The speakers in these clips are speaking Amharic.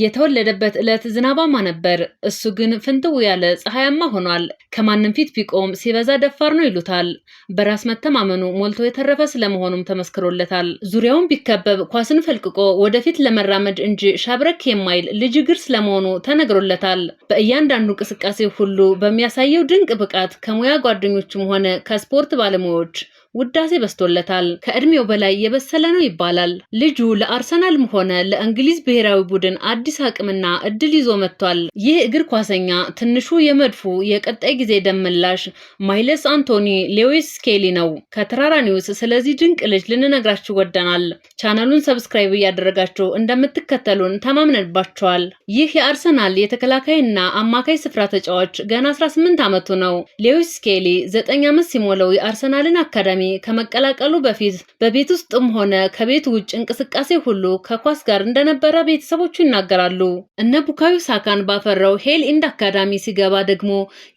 የተወለደበት ዕለት ዝናባማ ነበር። እሱ ግን ፍንትው ያለ ፀሐያማ ሆኗል። ከማንም ፊት ቢቆም ሲበዛ ደፋር ነው ይሉታል። በራስ መተማመኑ ሞልቶ የተረፈ ስለመሆኑም ተመስክሮለታል። ዙሪያውን ቢከበብ ኳስን ፈልቅቆ ወደፊት ለመራመድ እንጂ ሻብረክ የማይል ልጅ እግር ስለመሆኑ ተነግሮለታል። በእያንዳንዱ እንቅስቃሴ ሁሉ በሚያሳየው ድንቅ ብቃት ከሙያ ጓደኞችም ሆነ ከስፖርት ባለሙያዎች ውዳሴ በስቶለታል። ከእድሜው በላይ የበሰለ ነው ይባላል። ልጁ ለአርሰናልም ሆነ ለእንግሊዝ ብሔራዊ ቡድን አዲስ አቅምና እድል ይዞ መጥቷል። ይህ እግር ኳሰኛ ትንሹ የመድፉ የቀጣይ ጊዜ ደመላሽ ማይለስ አንቶኒ ሌዊስ ስኬሊ ነው። ከተራራ ኒውስ ስለዚህ ድንቅ ልጅ ልንነግራችሁ ወደናል። ቻናሉን ሰብስክራይብ እያደረጋችሁ እንደምትከተሉን ተማምነንባችኋል። ይህ የአርሰናል የተከላካይና አማካይ ስፍራ ተጫዋች ገና 18 ዓመቱ ነው። ሌዊስ ስኬሊ ዘጠኝ ዓመት ሲሞላው የአርሰናልን አካዳሚ ቅዳሜ ከመቀላቀሉ በፊት በቤት ውስጥም ሆነ ከቤት ውጭ እንቅስቃሴ ሁሉ ከኳስ ጋር እንደነበረ ቤተሰቦቹ ይናገራሉ። እነ ቡካዩ ሳካን ባፈራው ሄል ኢንድ አካዳሚ ሲገባ ደግሞ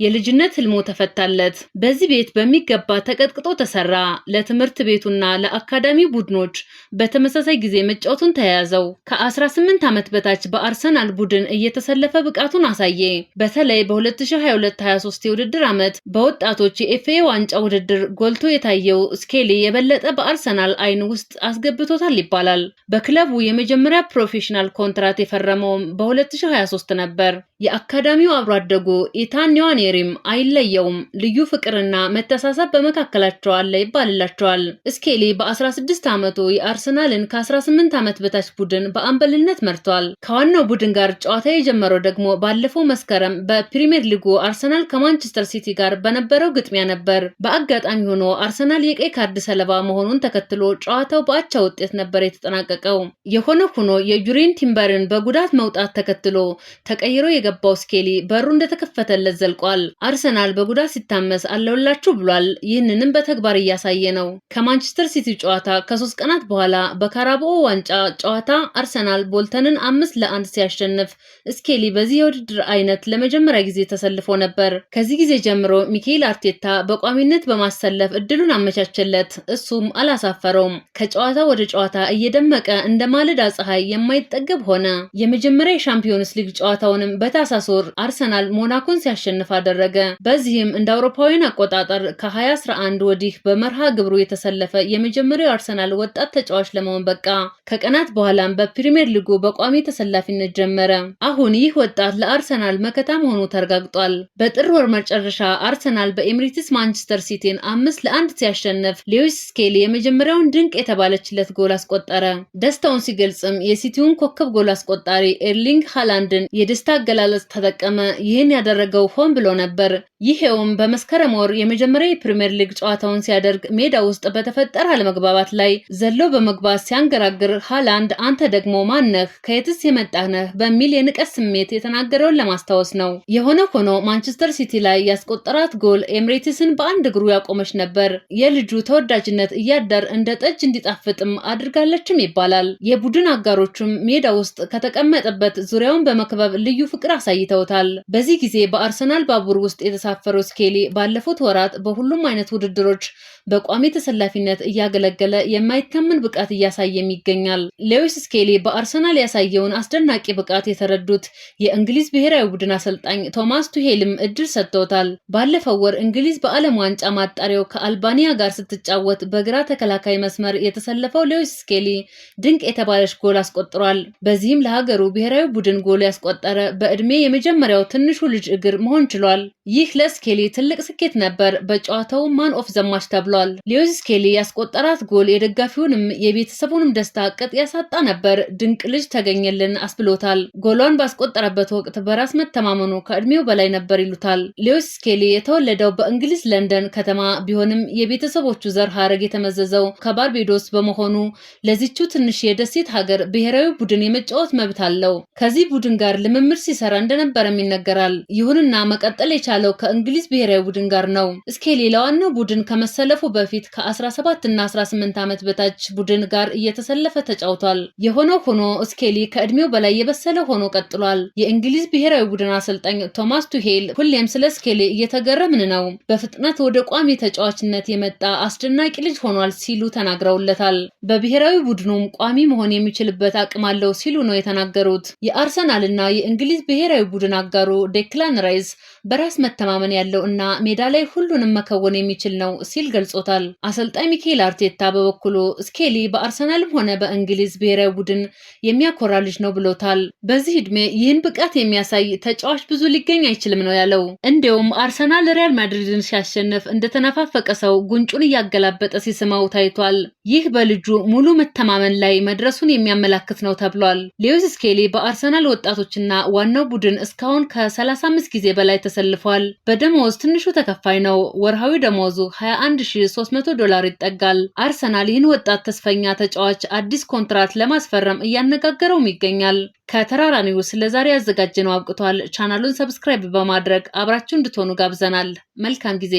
የልጅነት ህልሞ ተፈታለት። በዚህ ቤት በሚገባ ተቀጥቅጦ ተሰራ። ለትምህርት ቤቱና ለአካዳሚ ቡድኖች በተመሳሳይ ጊዜ መጫወቱን ተያያዘው። ከ18 ዓመት በታች በአርሰናል ቡድን እየተሰለፈ ብቃቱን አሳየ። በተለይ በ2022/23 የውድድር ዓመት በወጣቶች የኤፍኤ ዋንጫ ውድድር ጎልቶ የታየው ያሳየው ስኬሊ የበለጠ በአርሰናል አይን ውስጥ አስገብቶታል ይባላል። በክለቡ የመጀመሪያ ፕሮፌሽናል ኮንትራት የፈረመውም በ2023 ነበር። የአካዳሚው አብሮ አደጉ ኢታን ኒዋኔሪም አይለየውም። ልዩ ፍቅርና መተሳሰብ በመካከላቸው አለ ይባልላቸዋል። ስኬሊ በ16 ዓመቱ የአርሰናልን ከ18 ዓመት በታች ቡድን በአምበልነት መርቷል። ከዋናው ቡድን ጋር ጨዋታ የጀመረው ደግሞ ባለፈው መስከረም በፕሪምየር ሊጉ አርሰናል ከማንቸስተር ሲቲ ጋር በነበረው ግጥሚያ ነበር። በአጋጣሚ ሆኖ አርሰናል የቀይ ካርድ ሰለባ መሆኑን ተከትሎ ጨዋታው በአቻ ውጤት ነበር የተጠናቀቀው። የሆነ ሆኖ የጁሪን ቲምበርን በጉዳት መውጣት ተከትሎ ተቀይሮ የገባው ስኬሊ በሩ እንደተከፈተለት ዘልቋል። አርሰናል በጉዳት ሲታመስ አለውላችሁ ብሏል። ይህንንም በተግባር እያሳየ ነው። ከማንቸስተር ሲቲ ጨዋታ ከሶስት ቀናት በኋላ በካራቦ ዋንጫ ጨዋታ አርሰናል ቦልተንን አምስት ለአንድ ሲያሸንፍ ስኬሊ በዚህ የውድድር አይነት ለመጀመሪያ ጊዜ ተሰልፎ ነበር። ከዚህ ጊዜ ጀምሮ ሚካኤል አርቴታ በቋሚነት በማሰለፍ እድሉን አመቻቸለት። እሱም አላሳፈረውም። ከጨዋታ ወደ ጨዋታ እየደመቀ እንደ ማለዳ ፀሐይ የማይጠገብ ሆነ። የመጀመሪያ የሻምፒዮንስ ሊግ ጨዋታውንም በ በታህሳስ ወር አርሰናል ሞናኮን ሲያሸንፍ አደረገ። በዚህም እንደ አውሮፓውያን አቆጣጠር ከ2011 ወዲህ በመርሃ ግብሩ የተሰለፈ የመጀመሪያው አርሰናል ወጣት ተጫዋች ለመሆን በቃ። ከቀናት በኋላም በፕሪምየር ሊጉ በቋሚ ተሰላፊነት ጀመረ። አሁን ይህ ወጣት ለአርሰናል መከታ መሆኑ ተረጋግጧል። በጥር ወር መጨረሻ አርሰናል በኤምሬትስ ማንቸስተር ሲቲን አምስት ለአንድ ሲያሸንፍ ሌዊስ ስኬሊ የመጀመሪያውን ድንቅ የተባለችለት ጎል አስቆጠረ። ደስታውን ሲገልጽም የሲቲውን ኮከብ ጎል አስቆጣሪ ኤርሊንግ ሃላንድን የደስታ አገላ አገላለጽ ተጠቀመ። ይህን ያደረገው ሆን ብሎ ነበር። ይሄውም በመስከረም ወር የመጀመሪያ የፕሪምየር ሊግ ጨዋታውን ሲያደርግ ሜዳ ውስጥ በተፈጠረ አለመግባባት ላይ ዘሎ በመግባት ሲያንገራግር ሃላንድ አንተ ደግሞ ማነህ? ከየትስ የመጣህ ነህ? በሚል የንቀት ስሜት የተናገረውን ለማስታወስ ነው። የሆነ ሆኖ ማንቸስተር ሲቲ ላይ ያስቆጠራት ጎል ኤምሬትስን በአንድ እግሩ ያቆመች ነበር። የልጁ ተወዳጅነት እያደር እንደ ጠጅ እንዲጣፍጥም አድርጋለችም ይባላል። የቡድን አጋሮቹም ሜዳ ውስጥ ከተቀመጠበት ዙሪያውን በመክበብ ልዩ ፍቅር አሳይተውታል። በዚህ ጊዜ በአርሰናል ባቡር ውስጥ የተሳፈረው ስኬሊ ባለፉት ወራት በሁሉም አይነት ውድድሮች በቋሚ ተሰላፊነት እያገለገለ የማይታመን ብቃት እያሳየም ይገኛል። ሌዊስ ስኬሊ በአርሰናል ያሳየውን አስደናቂ ብቃት የተረዱት የእንግሊዝ ብሔራዊ ቡድን አሰልጣኝ ቶማስ ቱሄልም እድል ሰጥተውታል። ባለፈው ወር እንግሊዝ በዓለም ዋንጫ ማጣሪያው ከአልባኒያ ጋር ስትጫወት በግራ ተከላካይ መስመር የተሰለፈው ሌዊስ ስኬሊ ድንቅ የተባለች ጎል አስቆጥሯል። በዚህም ለሀገሩ ብሔራዊ ቡድን ጎል ያስቆጠረ በዕድሜ የመጀመሪያው ትንሹ ልጅ እግር መሆን ችሏል። ይህ ለስኬሊ ትልቅ ስኬት ነበር። በጨዋታው ማን ኦፍ ዘማች ተብሏል። ሌዊስ ስኬሊ ያስቆጠራት ጎል የደጋፊውንም የቤተሰቡንም ደስታ ቅጥ ያሳጣ ነበር። ድንቅ ልጅ ተገኘልን አስብሎታል። ጎሏን ባስቆጠረበት ወቅት በራስ መተማመኑ ከዕድሜው በላይ ነበር ይሉታል። ሌዊስ ስኬሊ የተወለደው በእንግሊዝ ለንደን ከተማ ቢሆንም የቤተሰቦቹ ዘር ሀረግ የተመዘዘው ከባርቤዶስ በመሆኑ ለዚቹ ትንሽ የደሴት ሀገር ብሔራዊ ቡድን የመጫወት መብት አለው። ከዚህ ቡድን ጋር ልምምድ ሲሰራ እንደነበረም ይነገራል። ይሁንና መቀጠል የቻ የቻለው ከእንግሊዝ ብሔራዊ ቡድን ጋር ነው። ስኬሊ ዋናው ቡድን ከመሰለፉ በፊት ከ17 እና 18 ዓመት በታች ቡድን ጋር እየተሰለፈ ተጫውቷል። የሆነው ሆኖ ስኬሊ ከእድሜው በላይ የበሰለ ሆኖ ቀጥሏል። የእንግሊዝ ብሔራዊ ቡድን አሰልጣኝ ቶማስ ቱሄል ሁሌም ስለ ስኬሊ እየተገረምን ነው፣ በፍጥነት ወደ ቋሚ ተጫዋችነት የመጣ አስደናቂ ልጅ ሆኗል ሲሉ ተናግረውለታል። በብሔራዊ ቡድኑም ቋሚ መሆን የሚችልበት አቅም አለው ሲሉ ነው የተናገሩት። ና የእንግሊዝ ብሔራዊ ቡድን አጋሩ ዴክላን ራይስ በራስ መተማመን ያለው እና ሜዳ ላይ ሁሉንም መከወን የሚችል ነው ሲል ገልጾታል። አሰልጣኝ ሚካኤል አርቴታ በበኩሉ ስኬሊ በአርሰናልም ሆነ በእንግሊዝ ብሔራዊ ቡድን የሚያኮራ ልጅ ነው ብሎታል። በዚህ ዕድሜ ይህን ብቃት የሚያሳይ ተጫዋች ብዙ ሊገኝ አይችልም ነው ያለው። እንዲሁም አርሰናል ሪያል ማድሪድን ሲያሸንፍ እንደተነፋፈቀ ሰው ጉንጩን እያገላበጠ ሲስመው ታይቷል። ይህ በልጁ ሙሉ መተማመን ላይ መድረሱን የሚያመላክት ነው ተብሏል። ሌዊስ ስኬሊ በአርሰናል ወጣቶችና ዋናው ቡድን እስካሁን ከ35 ጊዜ በላይ ተሰልፏል። ተቀጥረዋል። በደሞዝ ትንሹ ተከፋይ ነው። ወርሃዊ ደሞዙ 21300 ዶላር ይጠጋል። አርሰናል ይህን ወጣት ተስፈኛ ተጫዋች አዲስ ኮንትራት ለማስፈረም እያነጋገረውም ይገኛል። ከተራራ ኒውስ ለዛሬ ያዘጋጀነው አብቅቷል። ቻናሉን ሰብስክራይብ በማድረግ አብራችሁ እንድትሆኑ ጋብዘናል። መልካም ጊዜ